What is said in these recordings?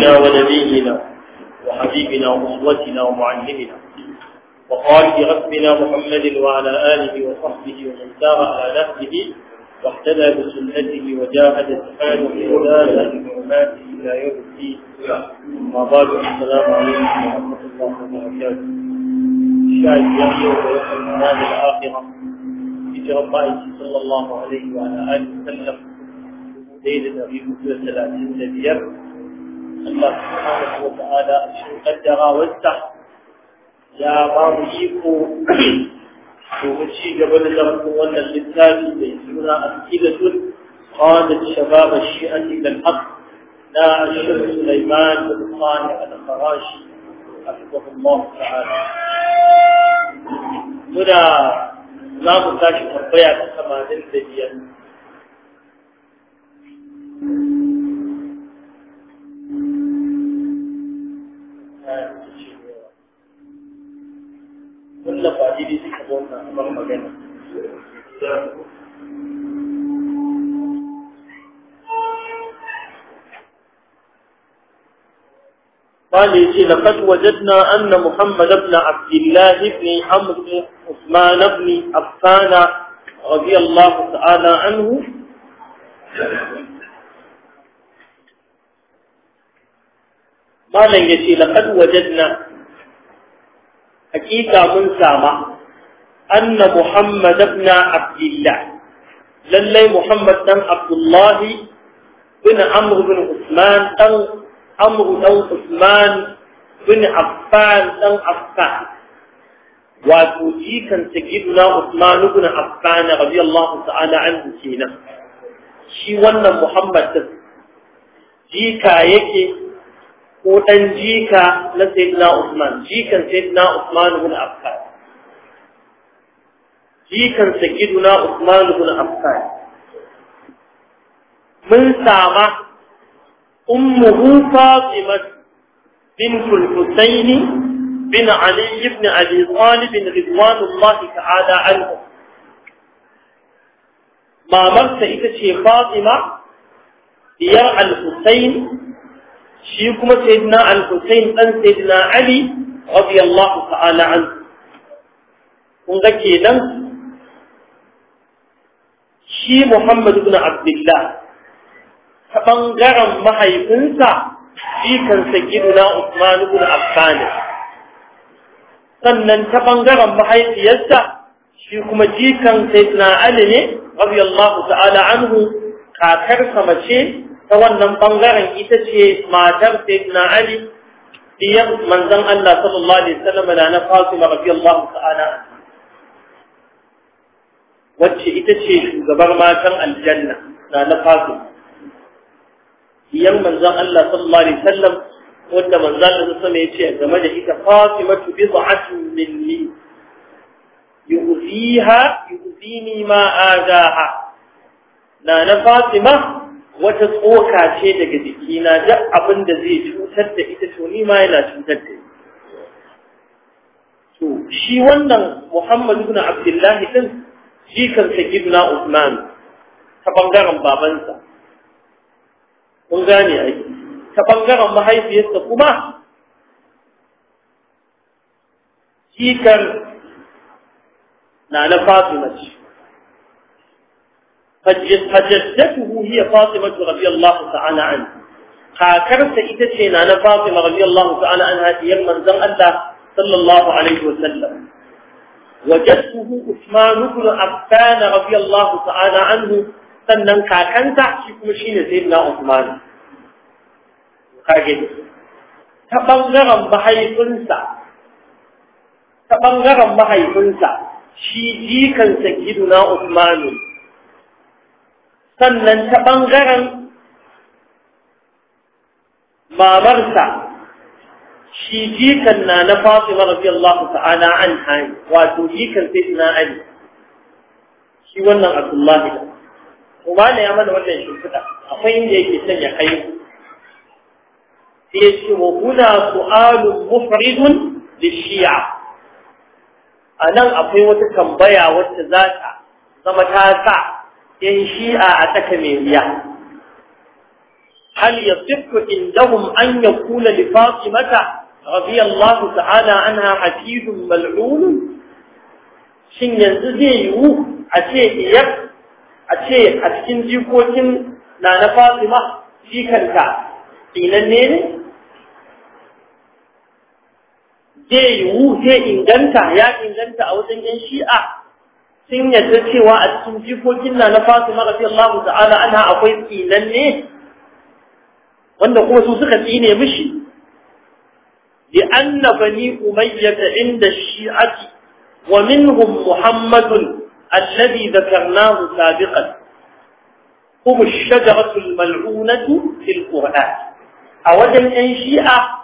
سيدنا ونبينا وحبيبنا وأسوتنا ومعلمنا وقائد غسلنا محمد وعلى آله وصحبه ومن سار على نفسه واحتدى بسنته وجاهد سبحانه وتعالى بمعلوماته إلى يوم الدين ما بعد السلام عليكم ورحمة الله وبركاته الشاهد يحيى ويحيى المنام الآخرة هجرة الله صلى الله عليه وعلى آله وسلم ليلة في مثل ثلاثين بير Allah subhanahu wa ta'ala a cikin kaddarawarsa ya ba mu iko domin ci gaba da lamarin wannan littafi mai suna aqidatun qadat shabab ash-shi'a ila al-haq la ash-shaykh Sulaiman bin Salih al-Farashi hafizahullah ta'ala muna za mu tashi tambaya ta 85 abang magana قال يجي لقد وجدنا أن محمد بن عبد الله بن عمرو بن عثمان بن عفان رضي الله تعالى عنه قال يجي لقد وجدنا حقيقة من سامة anna muhammad abna abdillah lallai muhammad dan abdullahi bin amru bin usman dan amru dan usman bin affan dan affan wato shi kan ta gidna usman ibn affan radiyallahu ta'ala anhu kenan shi wannan muhammad din jika yake ko dan jika na sayyidina usman jikan sayyidina usman ibn affan jikan giduna Usman ibn Affan mun sama ummuhu Fatima bint al-Husayn bin Ali ibn Abi Talib ridwanullah ta'ala anhu mamarsa ita ce Fatima diyar al-Husayn shi kuma sayyidina al-Husayn dan sayyidina Ali radiyallahu ta'ala anhu kun ga kenan shi Muhammad ibn Abdullah ta ɓangaren mahaifinsa jikansa giduna Usman ibn Affan sannan ta ɓangaren mahaifiyarsa shi kuma jikan Sayyidina Ali ne radiyallahu ta'ala anhu kakarsa mace ta wannan ɓangaren ita ce matar Sayyidina Ali diyar manzon Allah sallallahu alaihi wasallam na Fatima radiyallahu ta'ala anha wacce ita ce shugabar matan aljanna na na fasu Iyan manzan Allah sallallahu alaihi wasallam wanda manzon Allah sallallahu alaihi yace game da ita Fatimatu bid'atu minni yuziha yuzini ma azaha na na Fatima wata tsoka ce daga na da abin da zai cutar da ita to ni ma yana cutar da ita to shi wannan Muhammadu ibn Abdullahi din jikan sayyidina Usman ta bangaren babansa kun gane ai ta bangaren mahaifiyarsa kuma jikan na na Fatima ce فجدته هي فاطمة رضي الله تعالى عنها kakarsa ita ce na na Fatima radiyallahu ta'ala anha diyar manzon Allah sallallahu alaihi wasallam وجدته عثمان بن عفان رضي الله تعالى عنه sannan kakanta shi kuma shine sayyidina Uthman kage ta ɓangaren mahaifinsa ta mahaifinsa shi jikan na Usmanu sannan ta bangaren mamarsa shi jikan na na Fatima radiyallahu ta'ala an hani wato jikan sai suna Ali shi wannan Abdullahi da kuma ne ya mana wannan shimfiɗa akwai inda yake son ya kai sai shi wa huna su'alun mufridun Shi'a? a nan akwai wata tambaya wacce za ta zama ta sa yan shi'a a tsaka mai wuya هل يصح kula da يكون mata? رضي الله تعالى عنها حفيد ملعون shin yanzu zai yiwu a ce iyar a ce a cikin jikokin na na fatima jikanta tsinanne zai yiwu zai inganta ya inganta a wajen yan shi'a sun yadda cewa a cikin jikokin na na fatima rafi Allah ta'ala ana akwai tsinanne wanda kuma su suka tsine mishi لأن بني أمية عند الشيعة ومنهم محمد الذي ذكرناه سابقا هم الشجرة الملعونة في القرآن أوجل أن شيعة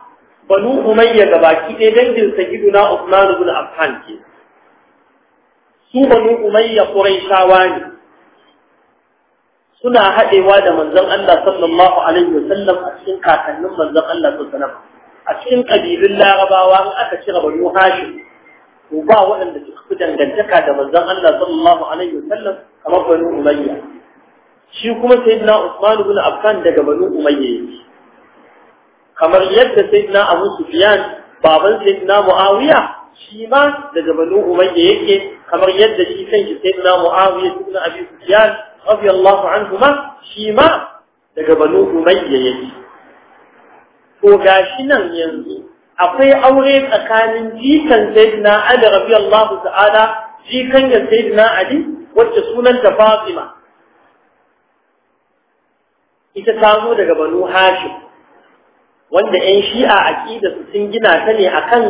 بنو أمية باكي إذن سيدنا عثمان بن عفان su banu umayya quraishawa ne suna haɗewa da manzon Allah sallallahu alaihi wasallam a cikin kakannin manzon Allah sallallahu alaihi wasallam a cikin ƙabilun larabawa in aka cire banu hashim to ba waɗanda suka fi dangantaka da manzon Allah sallallahu alaihi wasallam kamar banu umayya shi kuma sayyidina usman ibn affan daga banu umayya yake kamar yadda sayyidina abu sufyan baban sayyidina muawiya shi ma daga banu umayya yake kamar yadda shi kanshi sayyidina muawiya ibn abi sufyan radiyallahu anhu ma shi ma daga banu umayya yake to gashi nan yanzu akwai aure tsakanin jikan sayyidina Ali radiyallahu ta'ala jikan ya sayyidina Ali wacce sunanta Fatima ita ta zo daga Banu Hashim wanda 'yan Shi'a aqida su sun gina ta ne akan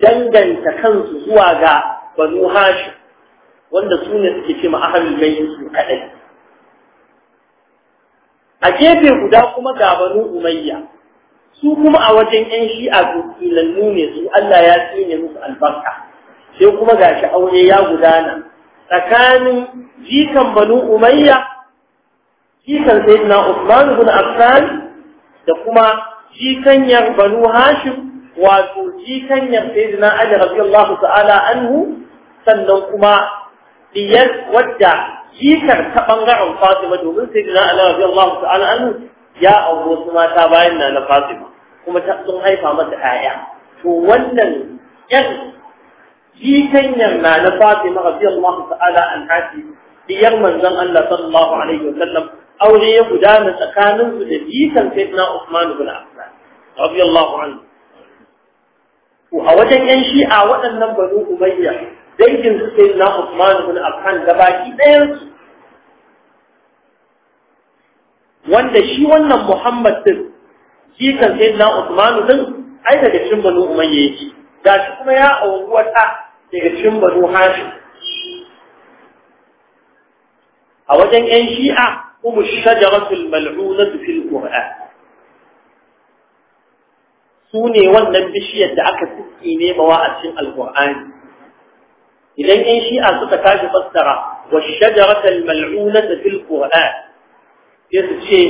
danganta kansu zuwa ga Banu Hashim wanda su ne suke cewa su kadai a gefe guda kuma ga Banu Umayya su kuma a wajen yan shi'a su kilannu ne su Allah ya tsine musu albarka sai kuma gashi aure ya gudana tsakanin jikan banu umayya jikan sayyidina Usman ibn Affan da kuma jikanyar banu Hashim wato jikanyar sayyidina Ali radiyallahu ta'ala anhu sannan kuma diyar wadda jikar ta bangaren Fatima domin sayyidina Ali radiyallahu ta'ala anhu ya auro su mata bayan na na Fatima kuma sun haifa masa ƴaƴa to wannan ƴan jikanyar na na Fatima Allah ta'ala anha diyar manzon Allah sallallahu alaihi wa sallam aure ya gudana tsakanin su da jikan Sayyidina Uthman ibn Affan radiyallahu anhu to a wajen yan shi'a waɗannan banu Umayya dangin su Sayyidina Uthman ibn Affan baki ɗayan su wanda shi wannan Muhammad din jikan sayyidina Usman din ai daga cikin banu umayya yake shi kuma ya auri wata daga cikin banu hashim a wajen yan shi'a kuma shajaratul mal'unatu fil qur'an su ne wannan bishiyar da aka suke nemawa a cikin alkur'ani idan yan shi'a suka tashi fassara wa shajaratul mal'unata fil qur'an sai su ce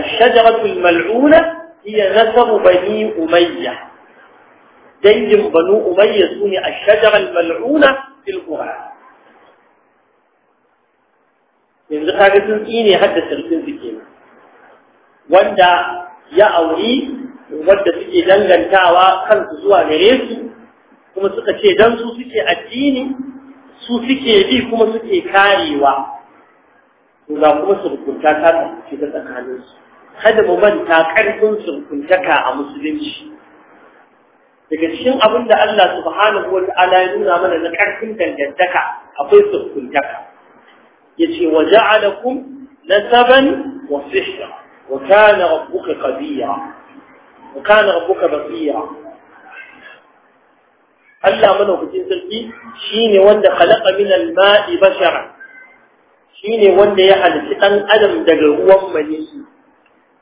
ash-shajaratul mal'una hiya nasabu bani umayya dangin banu umayya sune a shajarar mal'una fil qur'an yanzu kaga sun tsine hadda sirkin su kenan wanda ya auri wadda suke dangantawa kansu zuwa gare su kuma suka ce dan su suke addini su suke bi kuma suke karewa ga kuma su hukunta ta ce tsakaninsu kada mu manta ƙarfin surkuntaka a musulunci daga cikin abin da Allah subhanahu wa ta'ala ya nuna mana na ƙarfin dangantaka akwai surkuntaka yace wa ja'alakum nasaban wa sihra wa kana rabbuka qadira wa kana rabbuka basira Allah madaukakin sarki shine wanda khalaqa min al-ma'i bashara shine wanda ya halitta dan adam daga ruwan maniyi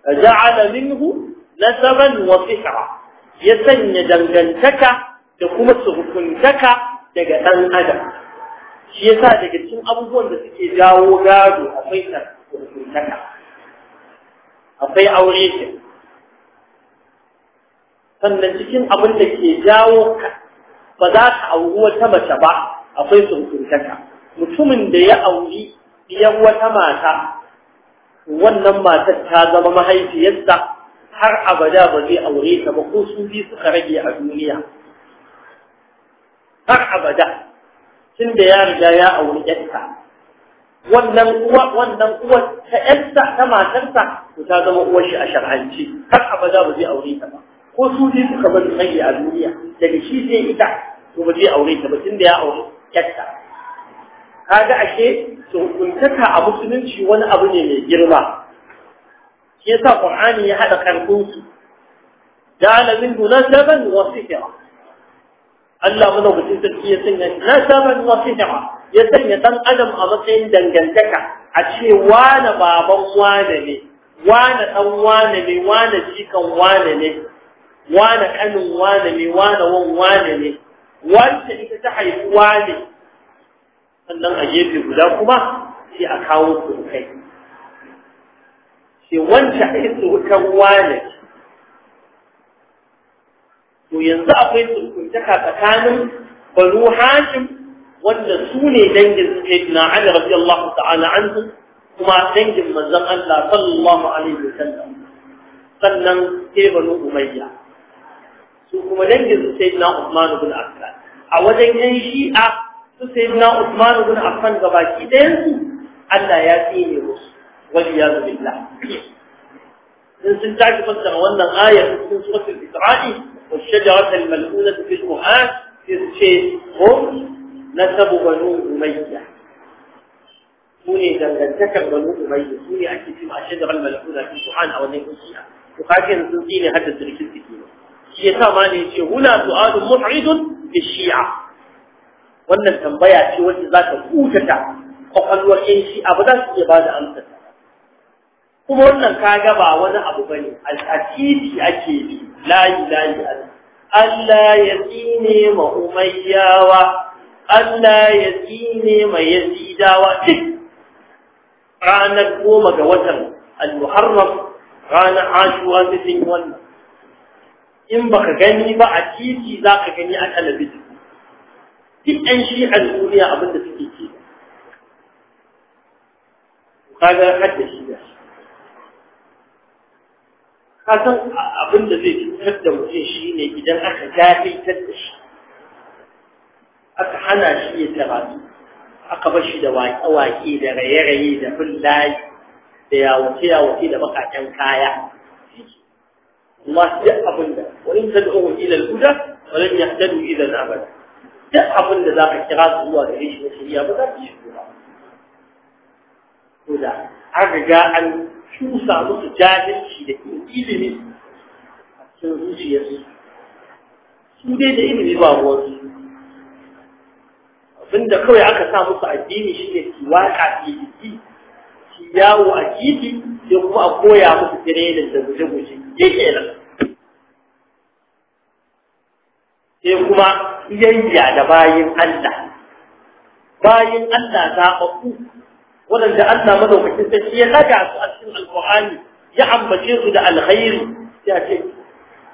فجعل ya sanya dangantaka da kuma تكما daga دقتان adam. shi yasa daga cikin abubuwan da suke jawo gado akwai sarkuntaka akwai aure shi sannan cikin abin da ke jawo ka ba za ka auri wata mace ba akwai sarkuntaka mutumin da ya auri biyan wata mata wannan matar ta zama mahaifiyarsa har abada ba zai aure ta ba ko su biyu suka rage a duniya har abada tun da ya riga ya aure yarsa wannan uwa wannan uwa ta yarsa ta matarsa ta zama uwar shi a shar'anci har abada ba zai aure ta ba ko su biyu suka bar rage a duniya daga shi sai ita to ba zai aure ta ba tun da ya aure yarsa kaga ashe tsuntaka a musulunci wani abu ne mai girma shi yasa qur'ani ya hada karfin su ja'ala minhu nasaban wa sihra Allah mana mutum sarki ya sanya nasaban wa sihra ya sanya dan adam a matsayin dangantaka a ce wane baban wane ne wane dan wane ne wane jikan wane ne wane kanin wane ne wane wan wane ne wanda ita ta haifi wane sannan a gefe guda kuma sai a kawo surukai sai wanda ai surukan wane to yanzu akwai surkuntaka tsakanin banu hashim wanda su ne dangin sayyidina ali radiyallahu ta'ala anhu kuma dangin manzon Allah sallallahu alaihi wasallam sannan sai banu umayya su kuma dangin sayyidina usman ibn affan a wajen yan shi'a su sai na Usman ibn Affan gabaki ɗayan su Allah ya tsine musu wal iyad billah in sun tashi fassara wannan aya cikin suratul Isra'i wal shajarat al mal'unah fi al-Qur'an ce hum nasabu banu umayya sune dangantakar banu umayya sune ake cewa shajarat al mal'unah fi al-Qur'an a wannan kusiya to kafin sun tsine hadda sirkin ciki ne shi yasa ma ne yace huna su'adun mu'ridun bi shi'a wannan tambaya ce wacce za ta kwakwalwar yan shi abu za su iya ba da amsa kuma wannan kaga ba wani abu ba ne titi ake bi layi layi Allah ya tsine ma umayyawa Allah ya tsine ma yazidawa duk ranar goma ga watan al-muharram ranar ashuwa ta sun wannan in baka gani ba a titi za ka gani a talabijin duk ɗan shi'ar duniya abin da suke ke kaga hadda shi da ka san abin da zai cutar da mutum shi ne idan aka jahiltar da shi aka hana shi ya karatu aka bar shi da waƙe-waƙe da raye-raye da fullaye da yawace-yawace da bakaken kaya Allah duk abin da wani ta da'uhu ila guda, wani wa lam yahtadu ila duk abin da za ka kira su zuwa da shi na shirya ba za ka yi shi ba ko da an riga an cusa musu jahilci da ilimi a cikin zuciyarsu su dai da ilimi ba wasu abinda kawai aka sa musu addini ne su waƙa ke jiki su yawo a jiki, sai kuma a koya musu tirenin da guje-guje ke nan, sai kuma biyayya da bayin Allah bayin Allah zaɓaɓɓu waɗanda Allah madaukakin sarki ya daga su a cikin alƙur'ani ya ambace su da alkhairi ya ce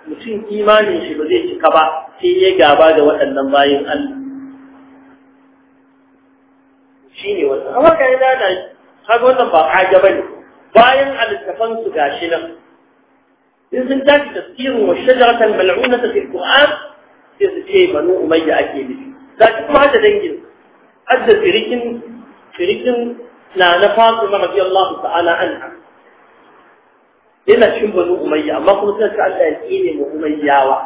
mutum imanin shi ba zai cika ba sai ya gaba da waɗannan bayin Allah shi ne wannan amma ga ina da kaga wannan ba kaga bane bayan alittafan su gashi nan in sun tashi tafsirin wa shajaratan mal'unata fil qur'an sai su ce banu umayya ake nufi za ki kuma hada dangin hadda firikin firikin na na fatima radiyallahu ta'ala anha yana cin banu umayya amma kuma suna ce Allah ya tsine mu umayyawa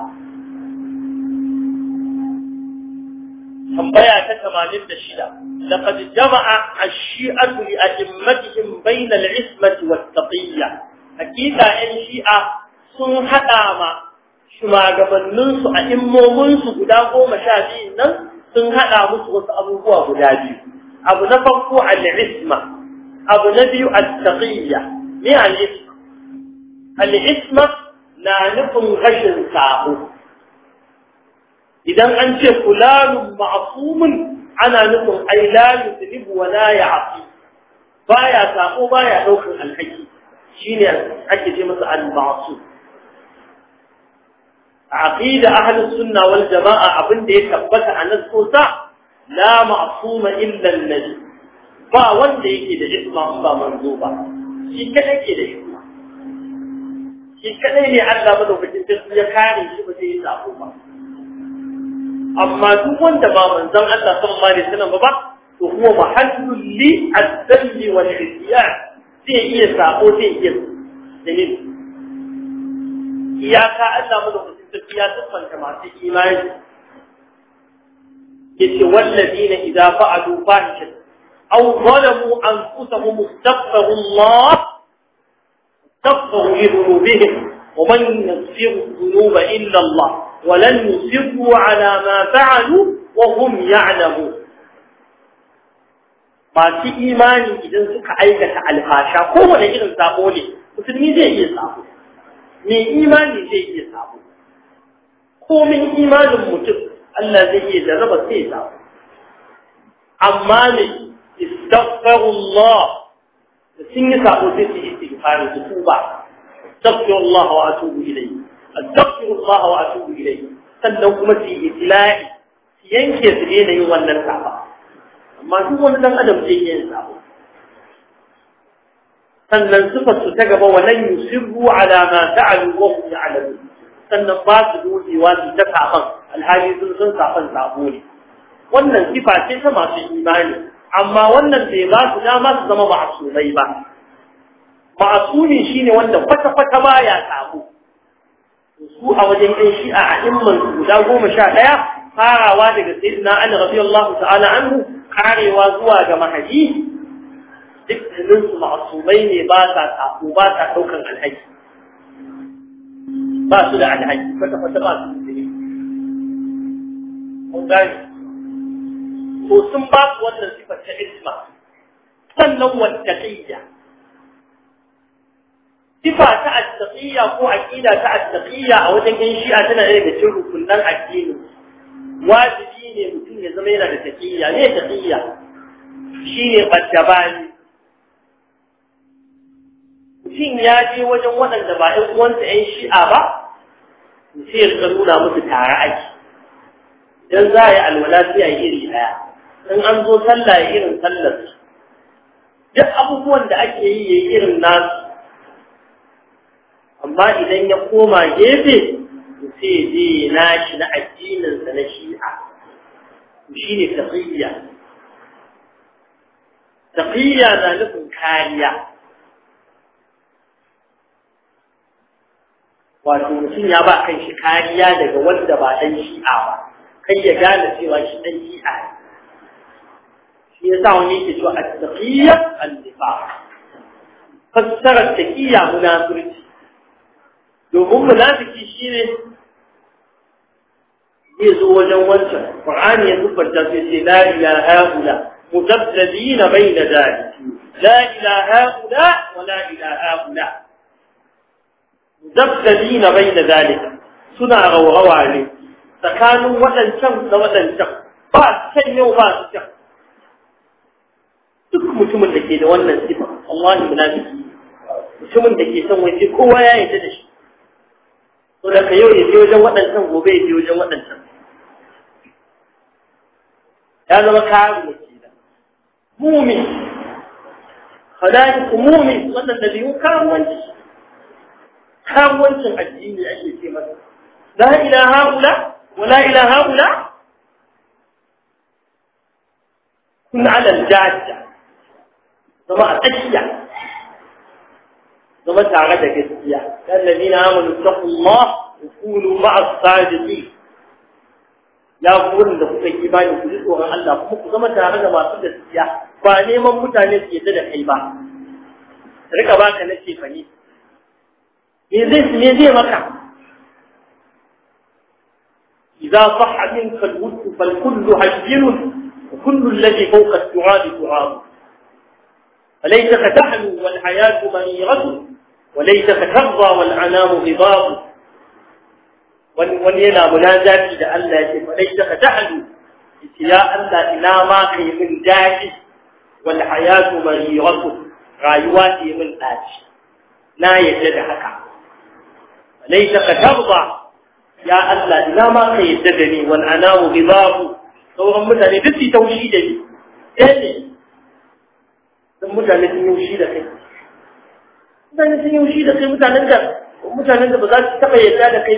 tambaya ta 86 laqad jama'a ash-shi'atu li a'immatihim bayna al-'ismati wat-taqiyya hakika 'yan shi'a sun hada ma shugabanninsu a immominsu guda goma sha biyu nan sun haɗa musu wasu abubuwa guda biyu abu na farko al'isma abu na biyu al-taqiyya me al-isma na nufin rashin sabo idan an ce fulanun ma'asumin ana nufin ai la yuzlibu wa la ya'si baya sabo baya ɗaukar alhaki shine ake ce masa al-ma'sum aqida ahli sunna wal jamaa abinda ya tabbata a nan sosa la ma'suma illa annabi ba wanda yake da isma ba manzo ba shi kadai ke da isma shi kadai ne Allah madaukakin sarki ya kare shi ba zai yi sako ba amma duk wanda ba manzon Allah sallallahu alaihi wasallam ba to kuma mahallul li ad-dall wal isyan sai iya sako sai iya dalil iyaka Allah madaukakin sarki ya masu imani yace wallazina idza fa'alu fahishat aw zalamu anfusahum astaghfiru Allah استغفروا لذنوبهم ومن يغفر الذنوب إلا الله ولن يصروا على ما فعلوا وهم يعلمون masu imani idan suka aikata alfasha kowane irin sabo ne musulmi zai iya sabo imani zai iya sabo komin imanin mutum Allah zai iya jarraba sai ya amma ne istaghfirullah da sun yi sako sai su istighfari su tuba astaghfirullah wa atubu ilayhi astaghfirullah wa atubu ilayhi sannan kuma su yi ilahi su yanke su daina yin wannan saba amma duk wani dan adam zai yin sabo sannan sifar su ta gaba wa lan yusirru ala ma fa'alu wa hum ya'lamun sannan ba su dutsewa su ta kafan, alhali sun sun saban sabo ne wannan sifa ce ta masu imani amma wannan bai ba su dama su zama ma'asumai ba ma'asumi shine wanda kwata kwata ya sabo su a wajen yan shi'a a imman guda goma sha ɗaya farawa daga sayyidina ali radiyallahu ta'ala anhu karewa zuwa ga mahaji dukkaninsu ma'asumai ne ba sa sabo ba sa ɗaukan alhaki ba su da alhaji kwata kwata ba su da mun gane to sun ba su wannan sifar ta isma sannan wata qiyya sifa ta attaqiyya ko aqida ta attaqiyya a wajen yan shi'a tana da cikin rukunan addini wajibi ne mutum ya zama yana da taqiyya ne taqiyya shine baddabani mutum ya je wajen waɗanda ba ‘yan uwansa ‘yan shi'a ba, sai ya rika nuna musu tare ake, don za a yi alwala sai a iri ɗaya, in an zo sallah ya irin sallar duk abubuwan da ake yi ya irin nasu, amma idan ya koma gefe, sai ya je ya nashi na addininsa na shi'a, shi ne tafiya. Tafiya na nufin kariya. wato mutum ya ba kan shi kariya daga wanda ba ɗan shi'a ba kai ya gane cewa shi ɗan shi'a ne shi ya sa wani yake cewa at-taqiyya al-nifaq fassarar taqiyya munafirci domin munafiki shine zai zo wajen wancan qur'ani ya tabbata sai sai la ilaha illa mutabdilina bayna dalik la ilaha illa wa la ilaha illa dabdabina da zalika suna rawawa ne tsakanin waɗancan da waɗancan ba su can yau ba su can duk mutumin da ke da wannan sifa Allah ne munafiki mutumin da ke son waje kowa ya yarda da shi to da yau ya je wajen waɗancan gobe ya je wajen waɗancan ya zama kayan da. mumin ku mumin wannan da biyu karuwanci kamuwancin addini ake ce masa la ilaha wa wala ilaha illa kun ala aljajja zama a tsakiya zama tare da gaskiya dan ladina amanu taqullah wa kunu ma'as ya gurin da kuka yi imani ku ji tsoron Allah kuma ku zama tare da masu gaskiya ba neman mutane su yadda da kai ba rika baka na ce fa me zai maka إذا صح منك الود فالكل هجين وكل الذي فوق السعاد تراب أليس فتحلو والحياة منيرة وليس ترضى والعنام غضاب ولينا منازات إذا ألا وليتك تحلو يا ألا إلا ما في من جاك والحياة منيرة غايواتي من آج لا يجد حكام ليتك ترضى يا الله لا ما قيدتني والعنام غضاب سورة مثل دسي توشيدني تاني ثم مجالي تنوشيدك مجالي تنوشيدك مجالي تنوشيدك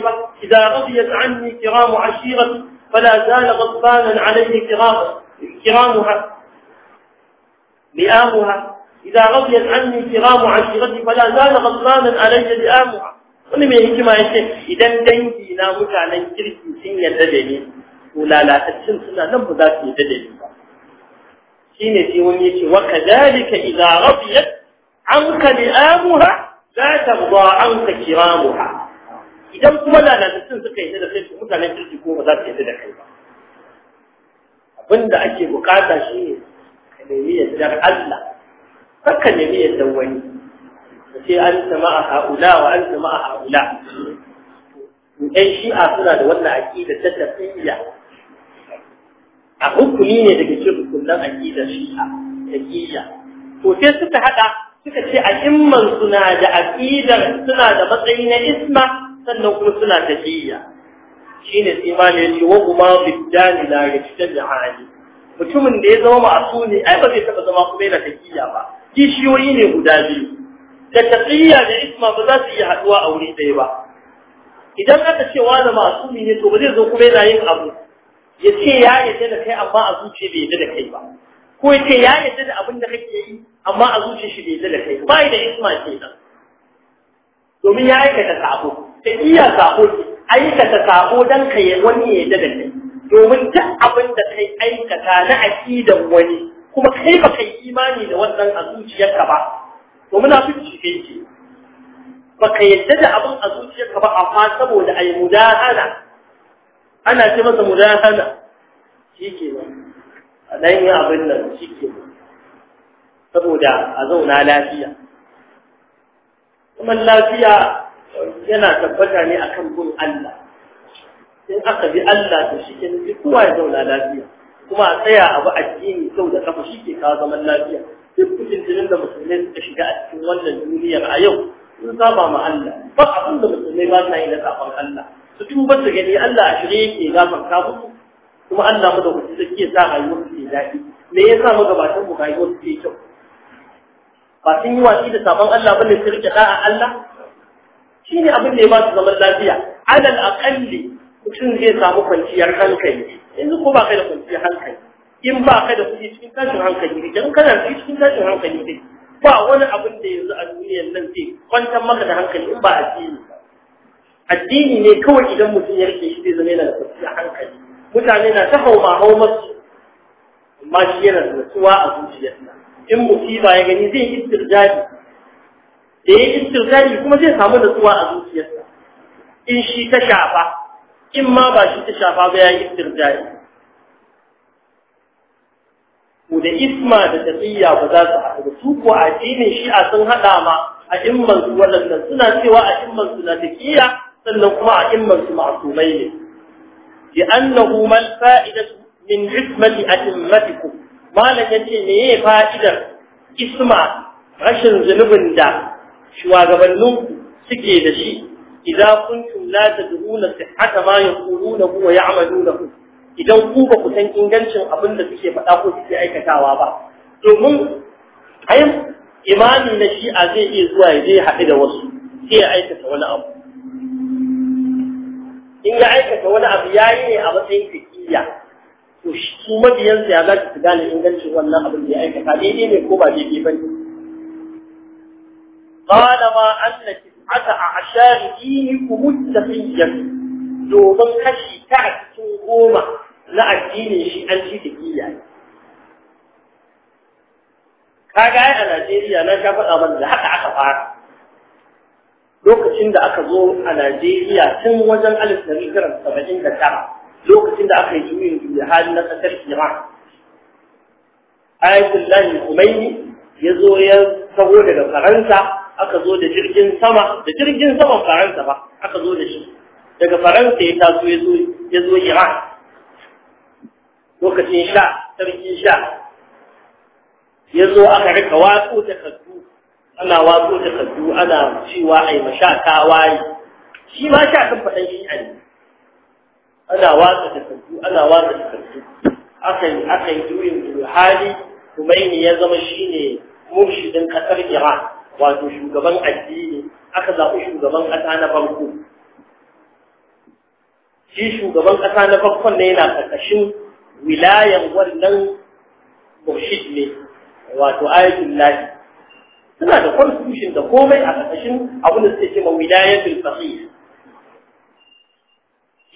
إذا رضيت عني كرام عشيرتي فلا زال غضبانا علي كرامها لآمها إذا رضيت عني كرام عشيرتي فلا زال غضبانا علي لئامها، wani mai hikima ya ce idan dangi na mutanen kirki sun yarda da ni to lalatacin suna nan ba za su yarda da ni ba Shi ne sai wani ce wa kadhalika idza radiyat za ta la an ka kiramuha idan kuma lalatacin suka yarda da kai mutanen kirki ko ba za su yarda da kai ba abinda ake bukata shi ne ka nemi yardar Allah kar ka nemi yardar wani sai an a haula wa an a haula ɗan shi'a suna da wannan aƙida ta tafiya a hukumi ne daga cikin rukunan aƙidar shi'a tafiya to sai suka haɗa suka ce a imman suna da aƙidar suna da matsayi na isma sannan kuma suna tafiya ne sai ma ne wa kuma cikin da hali mutumin da ya zama ne ai ba zai taɓa zama kuma yana tafiya ba kishiyoyi ne guda biyu da taqiyya da isma ba za su iya haduwa a wuri ɗaya ba idan aka ce da masumi ne to ba zai zo kuma yana yin abu ya ce ya yarda da kai amma a zuciya bai yarda da kai ba ko ya ce ya yarda da abin da kake yi amma a zuciya shi bai yarda da kai ba da isma ke nan domin ya aikata sabo ta iya sabo ce aikata sabo dan ka yi wani ya yarda da kai domin duk abin da kai aikata na aƙidan wani kuma kai ba kai imani da wannan a zuciyarka ba to munafici kai ke baka yadda da abin a zuciyarka ba amma saboda ai mudahana ana ce masa mudahana shike ba a dan yin abin nan shike ba saboda a zauna lafiya kuma lafiya yana tabbata ne akan bin Allah in aka bi Allah to shike ne kowa ya zauna lafiya kuma a tsaya abu addini sau da kafa shike kawo zaman lafiya duk fitintunin da musulmai suka shiga a cikin wannan duniyar a yau sun saba ma Allah ba abin da musulmai ba sa yi na saban Allah su tuba su gani Allah a shirye yake gafarta musu kuma Allah mu da kuci suke sa rayuwar su ke daɗi me yasa magabatan mu rayuwar su ke kyau ba sun yi watsi da saban Allah bane su rike da'a Allah shine abin da ya ba su zaman lafiya alal aqalli mutum zai samu kwanciyar hankali yanzu ko ba kai da kwanciyar hankali in ba ka da kuɗi cikin tashin hankali ne idan kana cikin tashin hankali ne ba wani abin da yanzu a duniyar nan zai kwantar maka da hankali in ba addini ba. addini ne kawai idan mutum ya rike shi zai zama yana da kwanciyar hankali mutane na ta hauma haumar su amma shi yana da natsuwa a zuciyarsa in musiba ya gani zai istirjari da ya istirjari kuma zai samu natsuwa a zuciyarsa in shi ta shafa in ma ba shi ta shafa ba ya yi istirjari da isma da tafiya ba za su haɗu da su ko addinin shi'a sun haɗa ma a imman su waɗannan suna cewa a imman su na tafiya sannan kuma a imman su ma'asumai ne bi annahu mal fa'idatu min ismati atimmatikum malam yace me ye fa'idar isma rashin zunubin da shugabanninku suke da shi idza kuntum la tadruna sihhata ma yaquluna wa ya'maluna idan ku ba ku san ingancin abin da suke faɗa ko suke aikatawa ba domin ai imani na shi'a zai iya zuwa ya je ya haɗu da wasu sai ya aikata wani abu in ya aikata wani abu ya yi ne a matsayin tafiya, to su mabiyansa ya za su gane ingancin wannan abin da ya aikata daidai ne ko ba daidai ba ne قال ما أن تسعة أعشار دينكم التقية دوما كشي تعت goma na addinin shi an ci da giya ka ga a Najeriya na sha faɗa mana da haka aka fara lokacin da aka zo a Najeriya tun wajen 1979 da tara lokacin da aka yi juyin juya hali na ƙasar Iran Ayatullahi Khomeini ya zo ya taho daga Faransa aka zo da jirgin sama da jirgin sama Faransa ba aka zo da shi daga Faransa ya taso ya zo ya zo Iran lokacin sha sarki sha ya zo aka rika watsu takardu ana watsu takardu ana cewa ai masha ta waye shi ma sha kan faɗan shi ne ana da takardu ana da takardu aka yi aka yi juyin hali ya zama shine murshidin kasar Iran wato shugaban addini aka zaɓi shugaban ƙasa na farko shi shugaban ƙasa na farkon ne yana ƙarƙashin wilayan wannan murshid ne wato ayatul lahi suna da constitution da komai a ƙarƙashin abin da suke cewa wilayatul faqih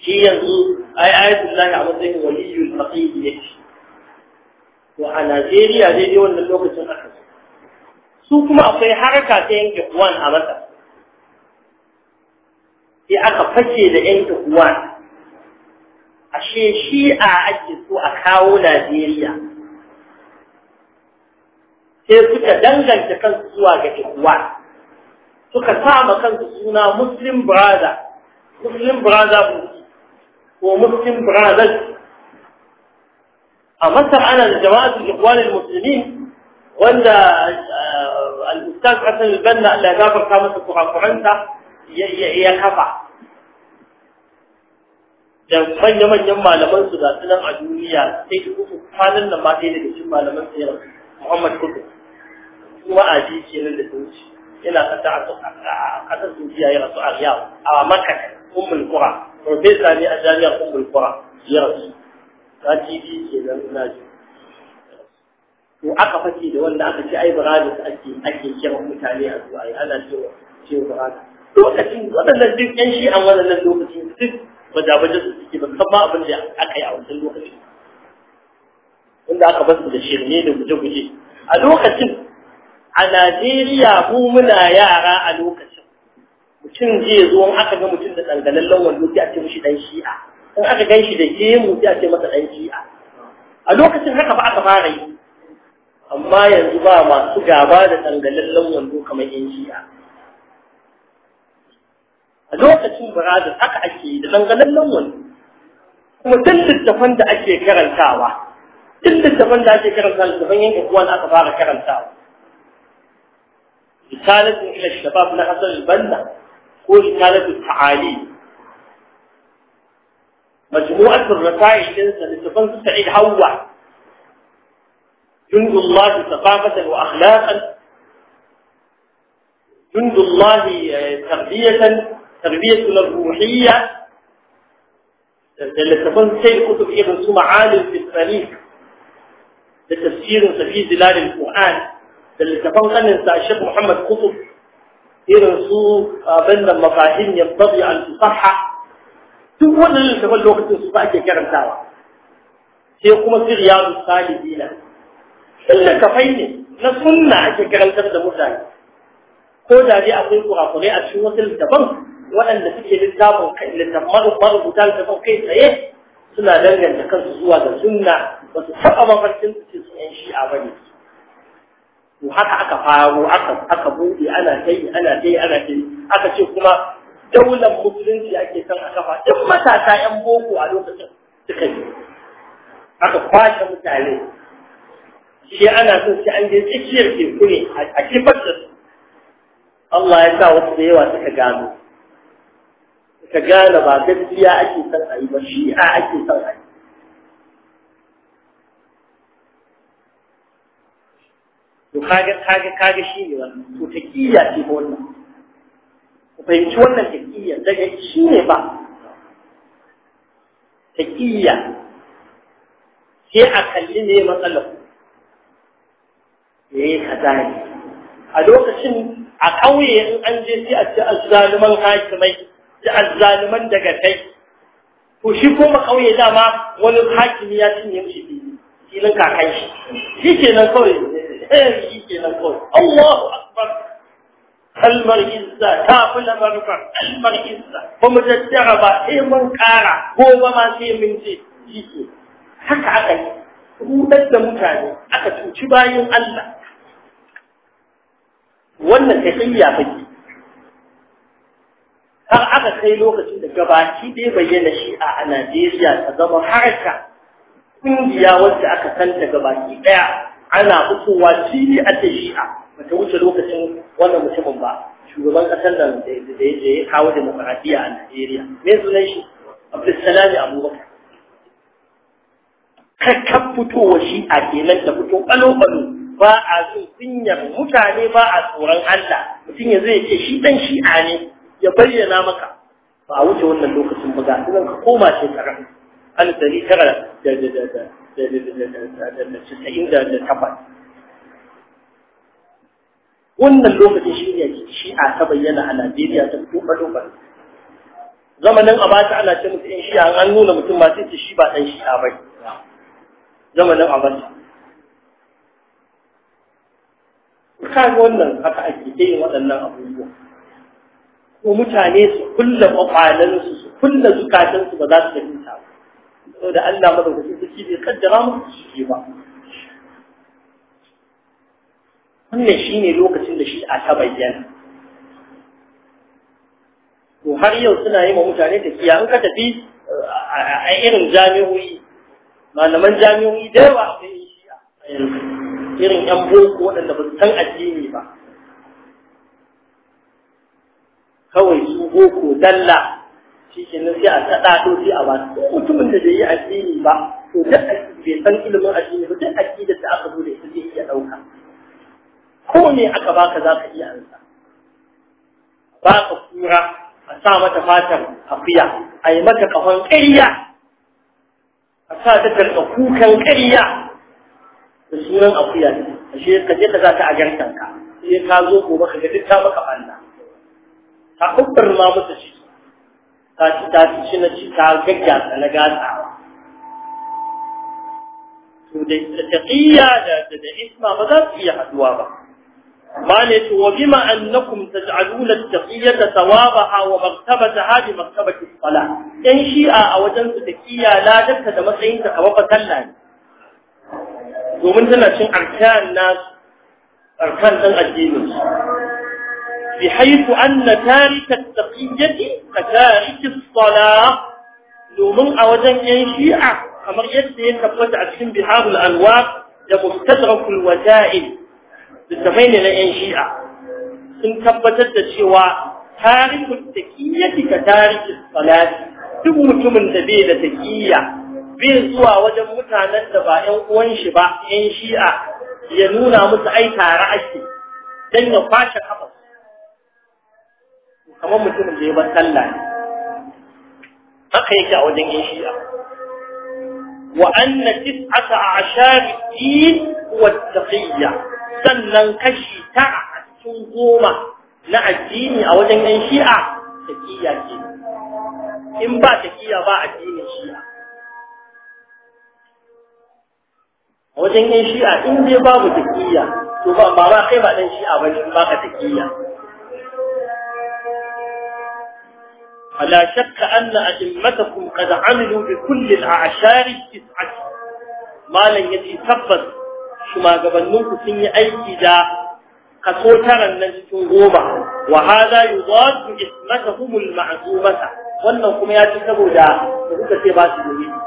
shi yanzu ai ayatul lahi a matsayin waliyul faqih yake to a Najeriya dai dai wannan lokacin aka su kuma akwai haraka ta yanke kuwan a masa sai aka fashe da yanke kuwan ashe shi'a ake so a kawo Najeriya sai suka danganta kansu zuwa ga ikuwa suka sama kansu suna Muslim brother Muslim brother ko Muslim brothers a Masar ana da jama'atul ikwanul Musulmi, wanda eh, al-ustaz Hassan al-Banna Allah ya gafarta masa kurakuranta ya kafa da manya-manyan malaman su gasu nan a duniya sai su uku kwanan nan ma ɗaya daga cikin malaman su yau Muhammad Kudu kuma a ji kenan da sauci yana kasa a kasar Saudiya ya rasu a Riyadh a Makka Ummul Qura profesa ne a jami'ar Ummul Qura ya rasu ta ke kenan ina ji to aka fake da wanda aka ce ai su ake ake kiran mutane a zuwa ana cewa ce Ibrahim lokacin waɗannan duk ƴan shi'an waɗannan lokacin duk bajabaje su suke ba san ma abin da aka yi a wancan lokacin inda aka basu da shirme da guje-guje a lokacin a Najeriya mu muna yara a lokacin mutum zai zo in aka ga mutum da tsangalallen lawan lokaci a ce mushi dan shi'a in aka gan shi da ke sai a ce masa dan shi'a a lokacin haka ba aka fara yi amma yanzu ba masu gaba da lawan lokaci kamar yan shi'a lokacin buradin haka ake yi da dangalallen wani kuma duk littafan da ake karantawa duk littafan da ake karantawa littafan yanke kuwa aka fara karantawa ila shabab na رسالة ko الشباب ta'ali majmu'at ar هو din التعاليم مجموعة الرسائل تنسى sa'id سعيد jundu جند الله wa akhlaqan jundu الله tarbiyatan التربيه الروحيه اللي تكون في كتب ابن سوما عالم في التاريخ لتفسير تفسير دلال القران اللي تكون كان الشيخ محمد قطب ابن سوما بين المفاهيم ينطبع الصحه تقول اللي تكون لو كنت سباك كرم دعوه شيخ في رياض الصالحين اللي كفيني na sunna ake karantar da mutane ko da dai akwai kurakurai a cikin wasu littafin waɗanda suke littafin littafin marubuta kan kai tsaye suna danganta kansu zuwa da sunna ba su taɓa mafarkin su ce su ‘yan shi'a ba ne. To haka aka faro aka aka buɗe ana kai ana kai ana kai aka ce kuma daular musulunci ake son a kafa in matasa ‘yan boko a lokacin suka yi. Aka kwashe mutane shi ana son sai an je tsakiyar teku ne a kifar da su. Allah ya sa wasu da yawa suka gano. ka gane ba gaskiya ake son a yi ba a ake son a yi to kaga kaga kaga shi ne ba, to ta kiyya ce ba wannan ku fahimci wannan kiyya daga shi ne ba Ta kiyya sai a kalli ne matsalar eh kaza ne a lokacin a ƙauye in an je sai a ce a azzaluman hakimai da azzaluman daga kai to shi ko ba kauye dama wani hakimi ya cinye mishi fili filin kakan shi shi kenan kawai eh, shi kenan kawai Allahu akbar kalmar izza ta fula labarkar kalmar izza ba mu ba sai mun kara ko ba ma sai mun ce shi ke haka aka yi rudar da mutane aka cuci bayan Allah wannan kai ya fake har aka kai lokacin da gabaki bai bayyana shi'a a Najeriya ta zama harka ƙungiya wacce aka san santa gabaki ɗaya ana fitowa fili a ta shi'a bata wuce lokacin wannan mutumin ba shugaban ƙasar nan da ya kawo demokaradiyya a Najeriya me sunan shi Abdulsalami Abubakar kakkan fitowa a kenan da fito ƙalo-ƙalo ba a jin kunyar mutane ba a tsoron Allah mutum ya zai ce shi dan shi'a ne ya bayyana maka ba a wuce wannan lokacin ba ga sunan ka koma shekarar alif dari tara da da da da da da da da da da da da wannan lokacin shi ne a ta bayyana a Najeriya ta tuba tuba zamanin abata ana ce mutum an nuna mutum ma sai shi ba dan shi'a bai zamanin abata kaga wannan haka ake yin waɗannan abubuwa ko mutane su kulle kwakwalansu su kulle zukatansu ba za su fahimta ba saboda Allah madaukakin sarki bai kaddara musu su ba wannan shi ne lokacin da shi a ta bayyana to har yau suna yi wa mutane tafiya in ka tafi a irin jami'o'i malaman jami'o'i da yawa a yanzu irin yan boko waɗanda ba su san addini ba kawai su boko dalla shi ke nan sai a taɗa to sai a ba su mutumin da bai yi addini ba to duk bai san ilimin addini ba duk aƙidar da aka zo da ita zai iya ɗauka ko ne aka baka za ka iya ansa ba ka kura a sa mata fatar akuya a yi mata kafan ƙarya a sa ta tarka kukan ƙarya da sunan akuya ne ashe ka je ka za ta a garkanka sai ka zo gobe ka ga duk ta maka banda ta kubbarma musu ciki ta ci ta ci na ci ta gaggasa na gasa to da taqiyya da da isma ba za su iya haduwa ba amma ne to wa bima annakum taj'aluna at-taqiyyata thawabaha wa martabataha hadi martabati as-salah in shi'a a wajen su taqiyya la dakka da matsayin ta kaba sallah ne domin tana cin arkan na arkan dan addinin بحيث أن تارك التقية كتارك الصلاة لمن أوجن أي شيعة أمر يدي يتبت عشان بحار الأنوار لمستدرك الوسائل لتفين لأي شيعة إن تبتت الشواء تارك التقية كتارك الصلاة تبوت من تبيل تقية bin zuwa wajen mutanen da ba ‘yan uwan shi ba ‘yan shi'a ya nuna musu ai tare ake don ya kwashe kafa kamar mutumin da ya bar sallah ne haka yake a wajen yin shi'a wa anna tis'ata a'shar din wa taqiyya sannan kashi ta a cikin goma na addini a wajen yan shi'a taqiyya ce in ba taqiyya ba addinin shi'a a wajen yan shi'a in dai babu taqiyya to ba ba kai ba dan shi'a ba ba ka taqiyya فلا شك أن أئمتكم قد عملوا بكل الأعشار التسعة ما لن يتثبت شما قبلنك سني أي إذا قصوتر النجد غوبة وهذا يضاد إثمتهم المعزومة وأنكم يتثبوا دا فهو كتبات الدنيا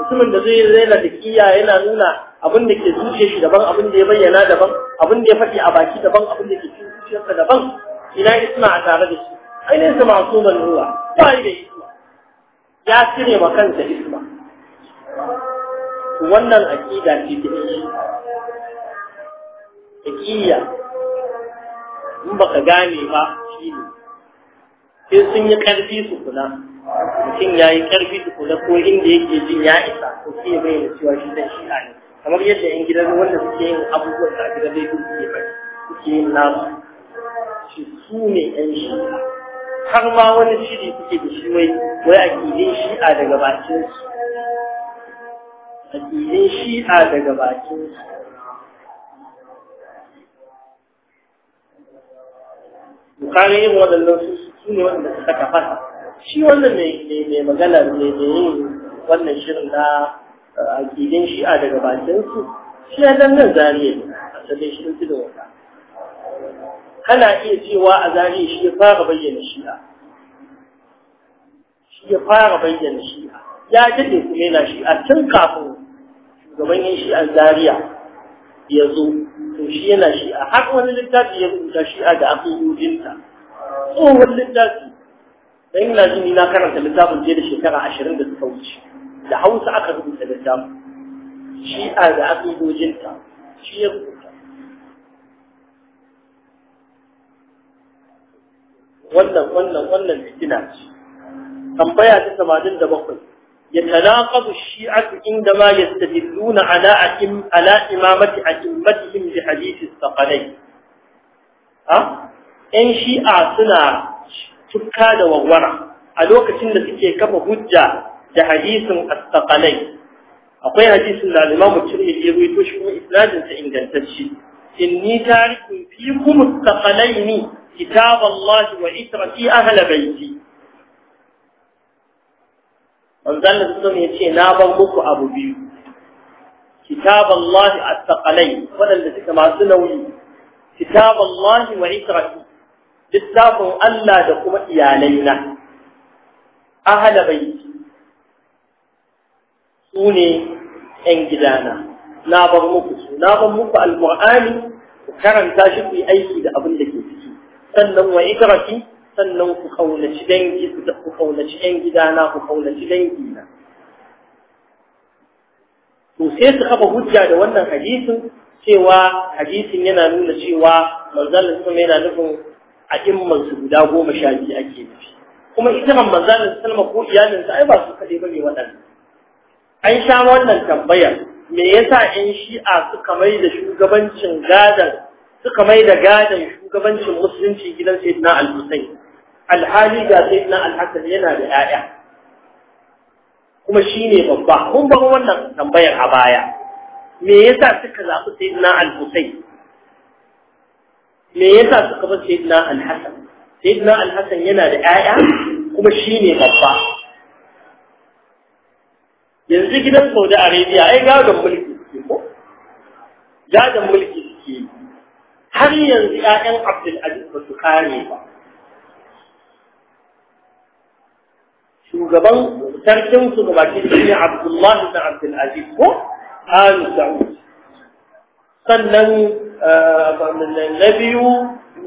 mutumin da zai raina da kiya yana nuna abin da ke zuciya shi daban abin da ya bayyana daban abin da ya faɗi a baki daban abin da ke zuciyarsa daban ina isma a tare da shi ainihin su masu ruwa ba yi da isma ya cire wa kansa isma wannan aƙida ce ta shi aƙiyya in baka gane ba shi ne sai sun yi ƙarfi su kula mutum ya yi ƙarfi su kula ko inda yake jin ya isa ko shi ya bayyana cewa shi dan shi ne kamar yadda yan gidan wanda suke yin abubuwa da a gidan dai suke yin nasu shi su ne yan shi'a har ma wani shiri suke da shi wai wai akidin shi'a daga bakin su akidin shi'a daga bakin su bukari yin waɗannan su su ne wanda suka kafa shi wannan mai magana mai yin wannan shirin na eh, akidin shi'a daga bakin su shi ya dangan zariya ne a sabbin shirin wata Ana iya cewa a zariya shi ya fara bayyana shi'a shi ya fara bayyana shi'a ya daɗe kuma yana shi'a tun kafin shugaban yan shi'an zariya ya zo to shi yana shi'a har wani littafi ya rubuta shi'a da aƙidodinta tsohon littafi dan ina jin na karanta littafin jiya da shekara ashirin da suka wuce da hausa aka rubuta littafin shi'a da aƙidodinta shi ya rubuta wannan wannan wannan fitina ce tambaya ta da bakwai. 87 yatanaqadu shi'atu inda ma yastadilluna ala akim ala imamati akimatihim bi hadith as-saqalain ha in shi'a suna tukka da wawara a lokacin da suke kafa hujja da hadisin as-saqalain akwai hadisin da al-imam Tirmidhi ya rawaito shi kuma isnadin sa ingantacce إني تارك فيكم الثقلين كتاب الله وإسرتي أهل بيتي وانزلنا سنة يتي نابن بك أبو بيو كتاب الله الثقلين ولا الذي كما سنوي كتاب الله وإسرتي كتاب الله يا لينا. أهل بيتي سوني إن جدانا نابن بك سنة نابن بك karanta shi ku yi aiki da abin da ke ciki sannan wa ikrafi sannan ku kaunaci dangi ku kaunaci yan gidana ku kaunaci dangi na to sai su kafa hujja da wannan hadisin cewa hadisin yana nuna cewa manzalin sama yana nufin a imman su guda goma sha biyu ake nufi kuma ita man manzalin salma ko iyalinsa ai ba su kaɗai ba ne waɗanda an sha wannan tambayar me yasa in shi'a suka mai da shugabancin gadan suka mai da gadan shugabancin musulunci gidan sayyidina al-husayn alhali ga sayyidina al-hasan yana da 'ya'ya kuma shine babba mun ba wannan tambayar a baya me yasa suka zaɓi sayyidina al-husayn me yasa suka bar sayyidina al-hasan sayyidina al-hasan yana da 'ya'ya kuma shine babba yanzu gidan Saudi Arabia ai gadon mulki suke ko gadon mulki suke har yanzu ƴaƴan Abdul Aziz ba su kare ba shugaban sarkin su gaba ki shine Abdullah bin Abdul Aziz ko Al Saud sannan eh, na biyu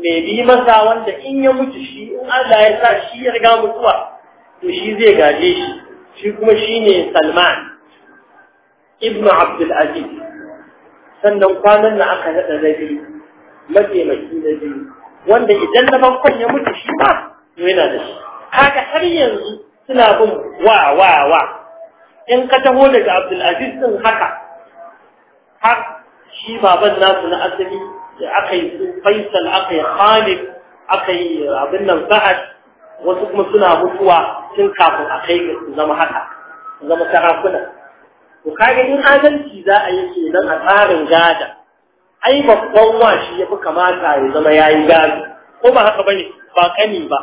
mai bi masa wanda in ya mutu shi in Allah ya sa shi ya riga mutuwa to shi zai gaje shi shi kuma shi ne Salman ibn Abdulaziz, sannan kwanan na aka naɗa rabi mataimaki na biyu wanda idan na bankon ya mutu shi ma to yana da shi kaga har yanzu suna bin wa wa wa in ka taho daga Abdul Aziz din haka har shi baban nasu na asali da aka yi Faisal aka yi Khalid aka yi abin nan Sa'ad wasu kuma suna mutuwa tun kafin a kai ga zama haka su zama sarakuna ku kaga in adalci za a yi kenan a tsarin gada ai babban washi ya fi kamata ya zama ya yi gado ko ba haka bane ba kani ba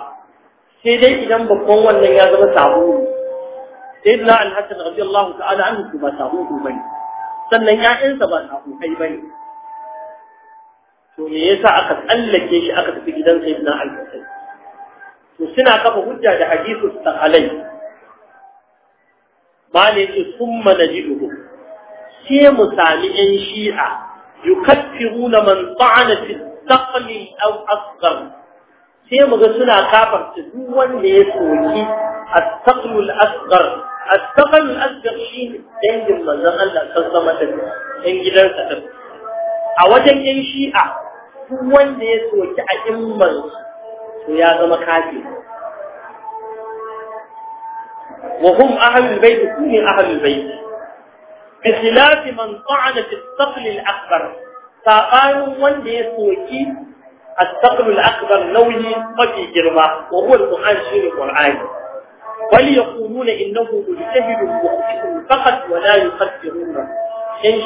sai dai idan babban wannan ya zama sabu sai na alhassan radiyallahu ta'ala anhu ba sabu bane sannan ƴaƴansa ba sabu kai bane to me yasa aka tsallake shi aka tafi gidan sayyidina al-Husayn to suna kafa hujja da hadisu sahalai malai ce summa najiduhu sai mu sami yan shi'a yukaffiruna man ta'ana fi taqli aw asghar sai mu ga suna kafarta duk wanda ya soki at-taql al-asghar at-taql al-asghar shi dangin manzon Allah sallallahu alaihi wasallam dan gidansa a wajen yan shi'a duk wanda ya soki a imman ya zama kafi wa hum ahlul bayt kulli ahlul bayt bi khilaf man ta'ana fi al al-akbar sabanin wanda ya soki al-thaql al-akbar nauyi mafi girma wa huwa al-qur'an shi ne qur'ani wal yaquluna innahu mujtahidun mukhtisun faqat wa la yuqaddiruna dan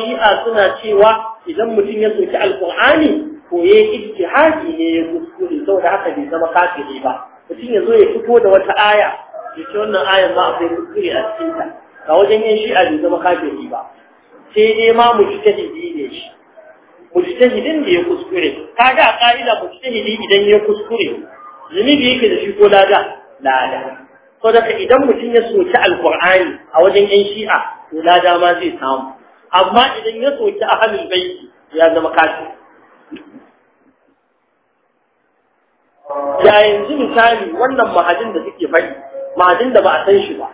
suna cewa idan mutum ya soki al-qur'ani koye ijtihadi ne ya kuskure saboda haka bai zama kafiri ba mutum ya zo ya fito da wata aya ya ce wannan ayan ma akwai kuskure a cikin ta ga wajen yin shi'a bai zama kafiri ba sai dai ma mujtahidi ne shi mujtahidin da ya kuskure kaga a ka'ida mujtahidi idan ya kuskure zunubi yake da shi ko lada lada so daga idan mutum ya soki alqur'ani a wajen yan shi'a to lada ma zai samu amma idan ya soki ahlul bayti ya zama kafiri ya yanzu misali wannan mahadin da suke faɗi mahadin da ba a san shi ba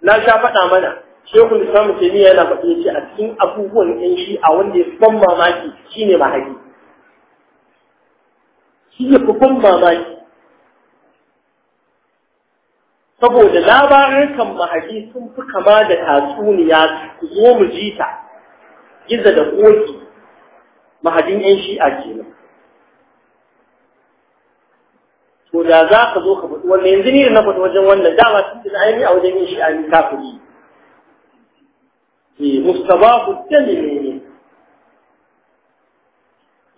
na sha faɗa mana shekul islam taimiyya yana faɗi ce a cikin abubuwan yan shi a wanda ya ban mamaki shi ne mahadi shi ya fi mamaki saboda labarukan mahaji sun fi kama da tatsuniya ku zo mu ji ta giza da koki mahadin yan shi'a kenan ko da za ka zo ka faɗi wannan yanzu ni da na faɗi wajen wannan dama tun da ayyami a wajen yin shi a yin kafiri eh mustabahu dalili ne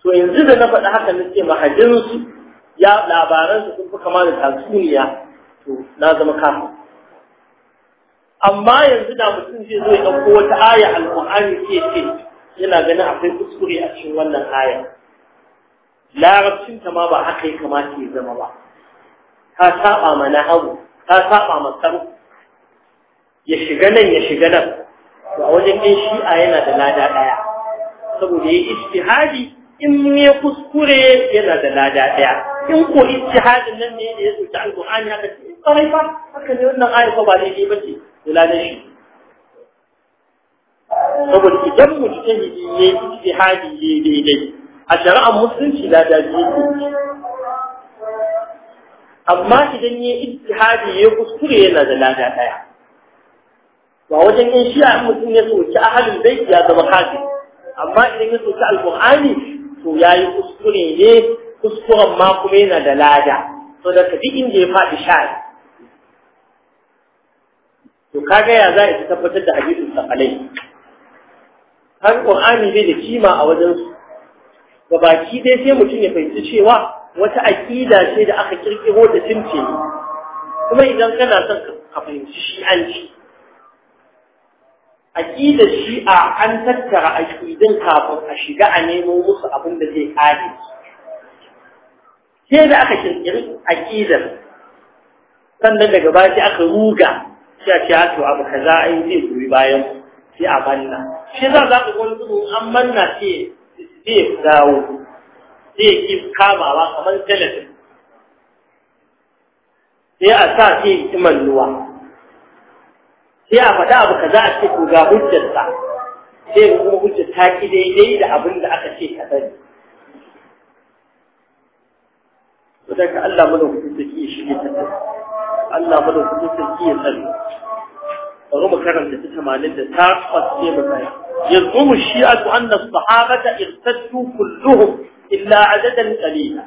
to yanzu da na faɗi haka na ce mahajinsu ya labaran sun kuma kama da tatsuniya to na zama kafa. amma yanzu da mutum zai zo ya ɗauko wata aya alƙur'ani ke ce yana ganin akwai kuskure a cikin wannan aya larabcin ta ma ba haka ya kamata ya zama ba Ka saba ma hawo ka saba ma ya shiga nan ya shiga nan a wajen ɗin shi'a yana da lada ɗaya saboda ya istihadi in ya kuskure yana da lada ɗaya in ko istihadin nan ne da ya tsoci alƙur'ani haka ce tsarai eh, fa haka ne wannan ayar fa ba daidai ba ce da ladan shi saboda idan mutum ya yi istihadi ya daidai a shari'ar musulunci lada biyu ne amma idan ya ijtihadi ya kuskure yana da lada daya ba wajen yin shi'a mutum ya soki ahalin bai ya zama kafir amma idan ya soki alqur'ani to yayi kuskure ne kuskuren ma kuma yana da lada to da kabi inda ya faɗi shari to kaga ya za a tabbatar da hadisin sakalai har qur'ani zai da kima a wajen su baki dai sai mutum ya fahimci cewa wata aƙida ce da aka kirkiro da tince kuma idan kana son ka fahimci shi'anci aƙida shi'a an tattara aƙidin kafin a shiga a nemo musu abin da zai kare sai da aka kirkiri aƙidar sannan daga baya aka ruga sai a ce ah, to abu kaza ai zai goyi bayan sai a manna shi za za ka wani an manna sai sai dawo zai yi kamawa kamar talatin sai a sa sai ki mannuwa sai a faɗa abu ka za a ce ko ga hujjarsa sai ga kuma hujjar ta ki daidai da abin da aka ce ka sani sai ka Allah da ke ya ne ta Allah madaukakin sarki ya tsare bari mu karanta ta tamanin da ta fasce mu kai yanzu mu shi'atu anna sahabata irtaddu kulluhum illa adadan qalila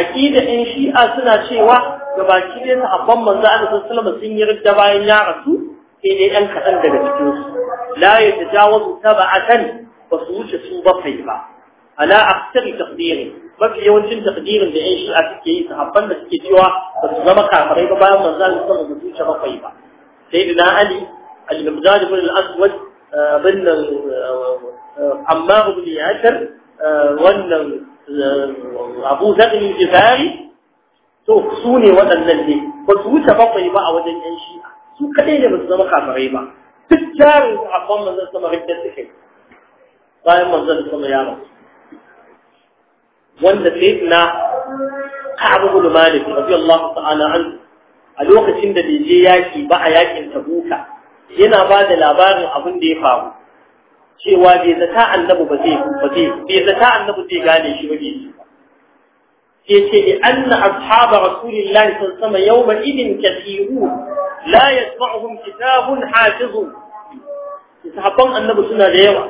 aqida in shi'a suna cewa gabaki dai sahabban manzo Allah sallallahu alaihi sun yi ridda bayan ya rasu sai dai ɗan kaɗan daga cikin su la yatajawazu tab'atan ba su wuce su bakwai ba ala aksari taqdiri mafi yawancin taqdirin da yan shi'a suke yi sahabban da suke cewa ba su zama kafirai ba bayan manzo Allah sallallahu alaihi wuce bakwai ba sayyidina ali al-mubdad ibn al-aswad eh, bin eh, Ammar ibn Yasir wannan eh, abu zaɗin jifari to su ne waɗannan ne ba su wuce bakwai ba a wajen yan shi'a su kaɗai ne ba su zama kafirai ba duk jarin kwan manzan sama riddar su kai bayan manzan sama ya rasu wanda sai na ka'abu gudu malik rabi Allah ta'ala an a lokacin da bai je yaƙi ba a yaƙin tabuka yana ba da labarin abin da ya faru cewa bai zata annabi ba zai ba zai bai zata annabi zai gane shi ba bai Ke ce li anna ashaba rasulillahi sallallahu alaihi wasallam yawma idin kathirun la yasma'uhum kitabun hafizun sahabban annabi suna da yawa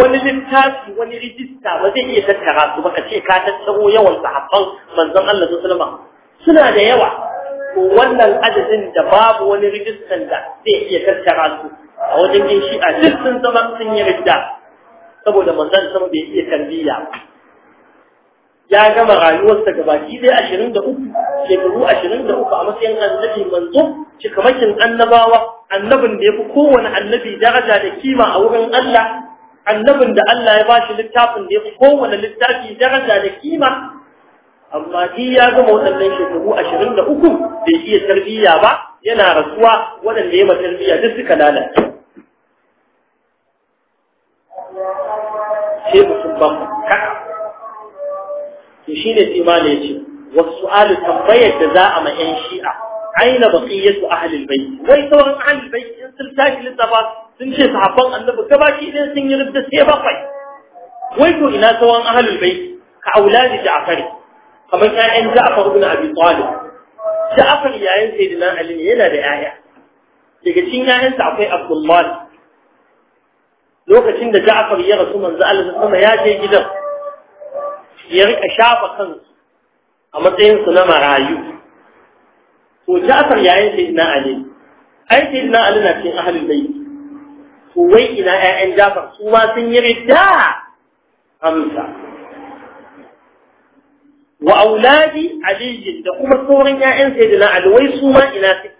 wani littafi wani rijista ba zai iya tattara su ba ka ce ka tattaro yawan sahabban manzon Allah sallallahu suna da yawa wannan adadin da babu wani rijistan da zai iya tattara su a wajen yin a duk sun zama sun yi ridda saboda manzan sama bai iya tarbiyya ya gama rayuwarsa gabaki dai ashirin da uku shekaru ashirin da uku a matsayin annabi manzo cikamakin annabawa annabin da ya fi kowane annabi daraja da kima a wurin Allah annabin da Allah ya ba shi littafin da ya fi kowane littafi daraja da kima amma shi ya gama waɗannan shekaru ashirin da uku bai iya tarbiyya ba yana rasuwa waɗanda ya ma tarbiyya duk suka lalace babban kaka to shine sai mala yace wa su'alu tambayar da za a ma yan shi'a aina baqiyatu ahli albayt wai sauran ahli albayt in sun tashi lissafa sun ce sahabban annabi gabaki idan sun yi rubda sai bakwai wai to ina sauran ahli albayt ka auladi ja'fari kamar ƴaƴan ja'far ibn abi talib ja'far yayin sayyidina ali ne yana da 'ya'ya? daga cikin 'ya'yansa akwai abdullahi lokacin da Ja'far ya rasu manzo Allah sama ya je gidan ya rika shafa kansu a matsayin su na marayu to Ja'far yayin sai na Ali ai sai na Ali na cikin ahlul bait to wai ina ƴaƴan Ja'far su ma sun yi ridda amsa wa auladi Ali da kuma sauran ƴaƴan na Ali wai su ma ina suke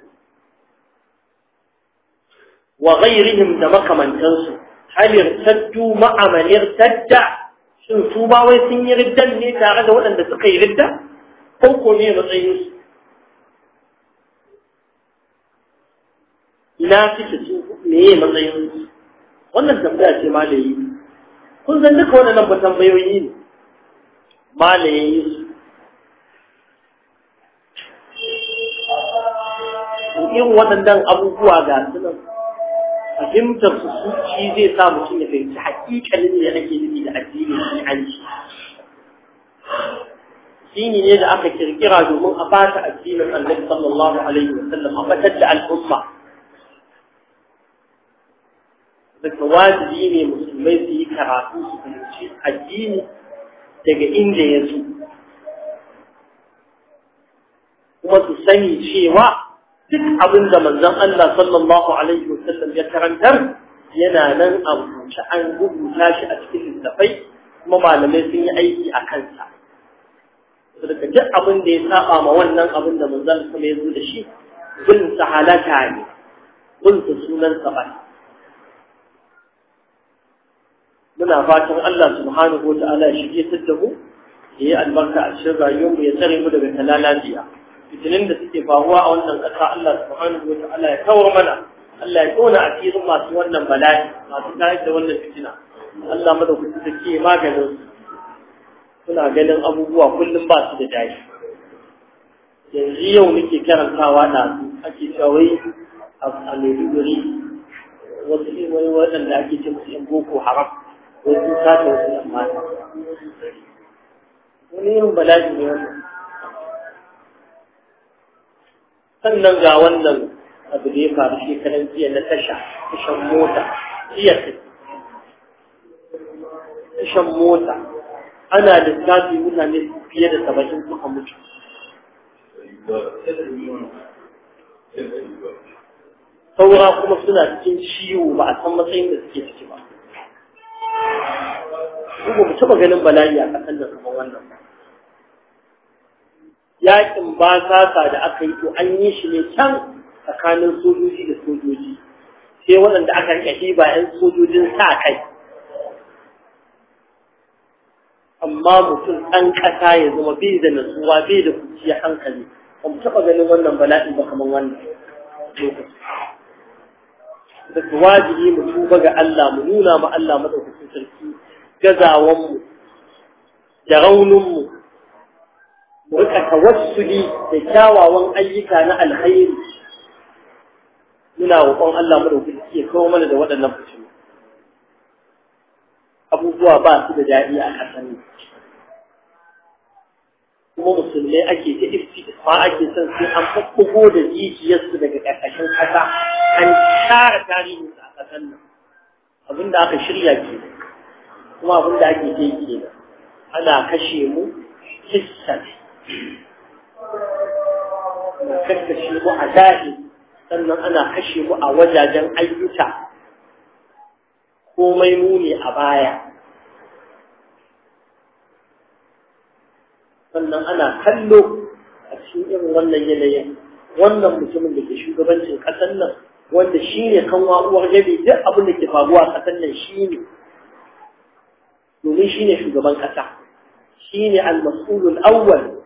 wa ghairihim da makamantansu hal irtaddu ma'a man irtadda shin su ba wai sun yi riddan ne tare da waɗanda suka yi ridda Koko ko ne matsayin su ina kike su me ye matsayin su wannan tambaya ce malayi kun san duka waɗannan ba tambayoyi ne malayin su irin waɗannan abubuwa ga su fahimtar su shi zai sa mutum ya fahimci hakikalin da ake nufi da addinin shi'anci addini ne da aka kirkira domin a fata addinin annabi sallallahu alaihi sallam, a fatar da al'umma daga wajibi ne musulmai su yi karatu su fahimci addini daga inda ya zo kuma su sani cewa duk abin da manzon Allah sallallahu alaihi wasallam ya karantar yana nan a rubuce an rubuta shi a cikin littafai kuma malamai sun yi aiki a kansa saboda duk abin da ya saba ma wannan abin da manzon kuma ya zo da shi bin sa ne bin sa sunan sa ba muna fatan Allah subhanahu wa ta'ala ya shige ta ya yi albarka a cikin rayuwarmu ya tsare mu daga talalaciya fitinin da suke faruwa a wannan ƙasa Allah subhanahu wa ta'ala ya kawo mana Allah ya tona a cikin masu wannan bala'i masu tayar da wannan fitina Allah madaukakin sarki ya maganin suna ganin abubuwa kullum ba su da dashi yanzu yau nake karantawa na ake kawai a Maiduguri wasu wani waɗanda ake ce musu ‘yan boko haram wasu sata wasu ‘yan mata wani yin bala'i ne wannan sannan ga wannan abu da ya faru shekaran jiya na tasha tashan mota jiya tashan mota ana tafi mutane fiye da saba'in suka mutu saura kuma suna cikin ciwo ba a san matsayin da suke ciki ba. Kuma mu taɓa ganin bala'i a ƙasar da kamar wannan yakin ba da aka yi to an yi shi ne can tsakanin sojoji da sojoji sai waɗanda aka yi ba 'yan sojojin sa kai amma mutum ɗan ƙasa ya zama bai da nasuwa bai da kuciya hankali ba mu taɓa ganin wannan bala'in ba kamar wannan Da da wajibi mu tuba ga Allah mu nuna ma Allah madaukakin sarki gazawanmu, da raunin mu rika tawassuli da kyawawan ayyuka na alkhairi muna roƙon Allah mu dauki ya kawo mana da waɗannan fitinu abubuwa ba su da daɗi a ƙasar kuma musulmai ake ta istifa ake son sai an faɓɓugo da jijiyarsu daga ƙarƙashin ƙasa an tara tarihinsu a ƙasar nan da aka shirya ke kuma da ake ke ke ana kashe mu hissan kashe mu a zahi sannan ana kashe mu a wajajen ayyuka komai muni a baya sannan ana kallo a cikin irin wannan yanayin wannan mutumin da ke shugabancin ƙasar nan wanda shi ne kan uwar jabi duk abin da ke faruwa a ƙasar nan shi ne domin shi ne shugaban ƙasa shi ne awwal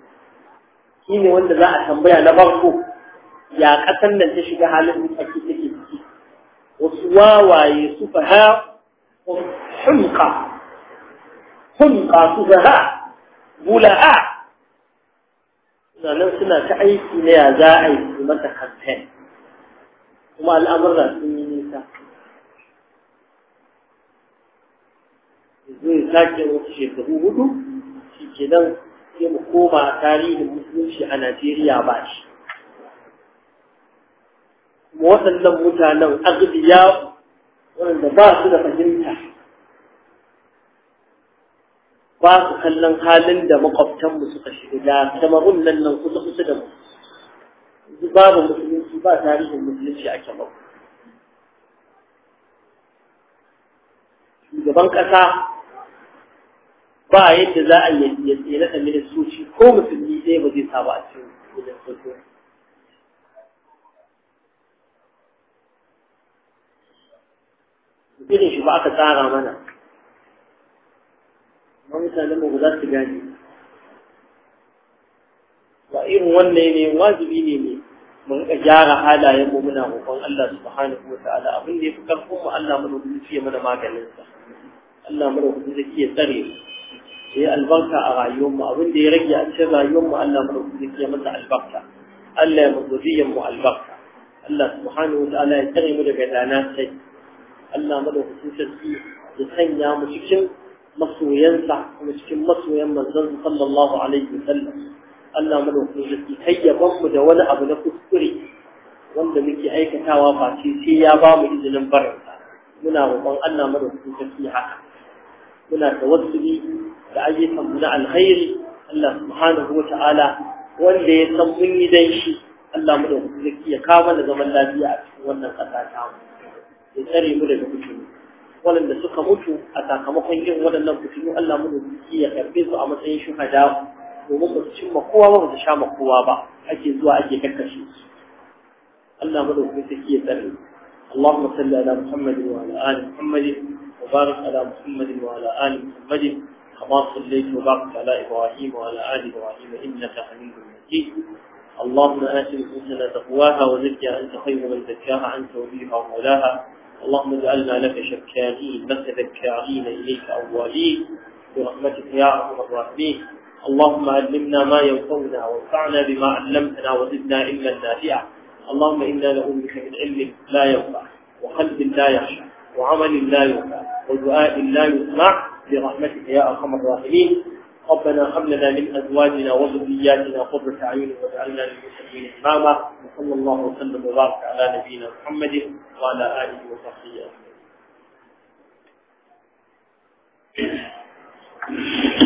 shi ne wanda za a tambaya na farko ya kasan nan ta shiga halin da ake take ciki wasu wawaye su faha hunka hunka su faha bula'a sannan suna ta aiki na ya za a yi mata kamfen kuma al'amurra sun yi nisa zai sake wasu shekaru hudu shi ke nan sai mu koma tarihin musulunci a Najeriya ba shi. Waɗannan mutanen agbiya waɗanda ba su da fahimta ba su kallon halin da makwabtanmu suka shiga da kamarun nan nan kusa kusa da mu. Babu musulunci ba tarihin musulunci a kamaru. Shugaban ƙasa ba yadda za a yi ya tsere da ministoci ko musulmi ɗaya ba zai saba a cikin ministoci irin shi ba aka tsara mana ma mutane mu za su gane ba irin wannan ne wajibi ne ne mun ka gyara halayen ko muna roƙon Allah subhanahu wataala abin da ya fi karfin mu Allah mu rubuta mana maganin sa Allah mu rubuta ya tsare mu ya yi albarka a rayuwarmu abin da ya rage a cikin rayuwarmu Allah mu rubuta ya masa albarka Allah ya mabudiyar mu albarka Allah subhanahu wa ta'ala ya tare mu daga dana sai Allah madaukakin sarki ya sanya mu cikin masoyansa kuma cikin masoyan manzon sallallahu alaihi wasallam Allah mu madaukakin sarki kayyaban mu da wani abu na kuskure wanda muke aikatawa ba ce sai ya ba mu izinin barinsa muna roƙon Allah madaukakin sarki haka muna tawassuli da ayyukan mu na alkhairi Allah subhanahu wa ta'ala wanda ya san mun yi dan shi Allah mu da kuzuki ya kawo da zaman lafiya a cikin wannan ƙasa ta mu ya tsare mu daga fitinu waɗanda suka mutu a sakamakon yin waɗannan fitinu Allah mu da kuzuki ya karbe su a matsayin shuhada domin ba su cimma kowa ba ba su sha ma kowa ba ake zuwa ake kakkashe su Allah mu da kuzuki ya tsare اللهم صل على محمد وعلى آل محمد وبارك على محمد وعلى آل محمد كما صليت وبارك على إبراهيم وعلى آل إبراهيم إنك حميد مجيد اللهم آت نفوسنا تقواها وزكها أنت خير من زكاها أنت وليها ومولاها اللهم اجعلنا لك شكاكين بس ذكارين إليك أولين برحمتك يا أرحم الراحمين اللهم علمنا ما ينفعنا وانفعنا بما علمتنا وزدنا علما نافعا اللهم إنا نؤمنك بك من علم لا ينفع وقلب لا يخشع وعمل لا ينفع ودعاء لا يسمع برحمتك يا ارحم الراحمين ربنا هب لنا من ازواجنا وذرياتنا قرة اعين واجعلنا للمسلمين اماما وصلى الله وسلم وبارك على نبينا محمد وعلى اله وصحبه اجمعين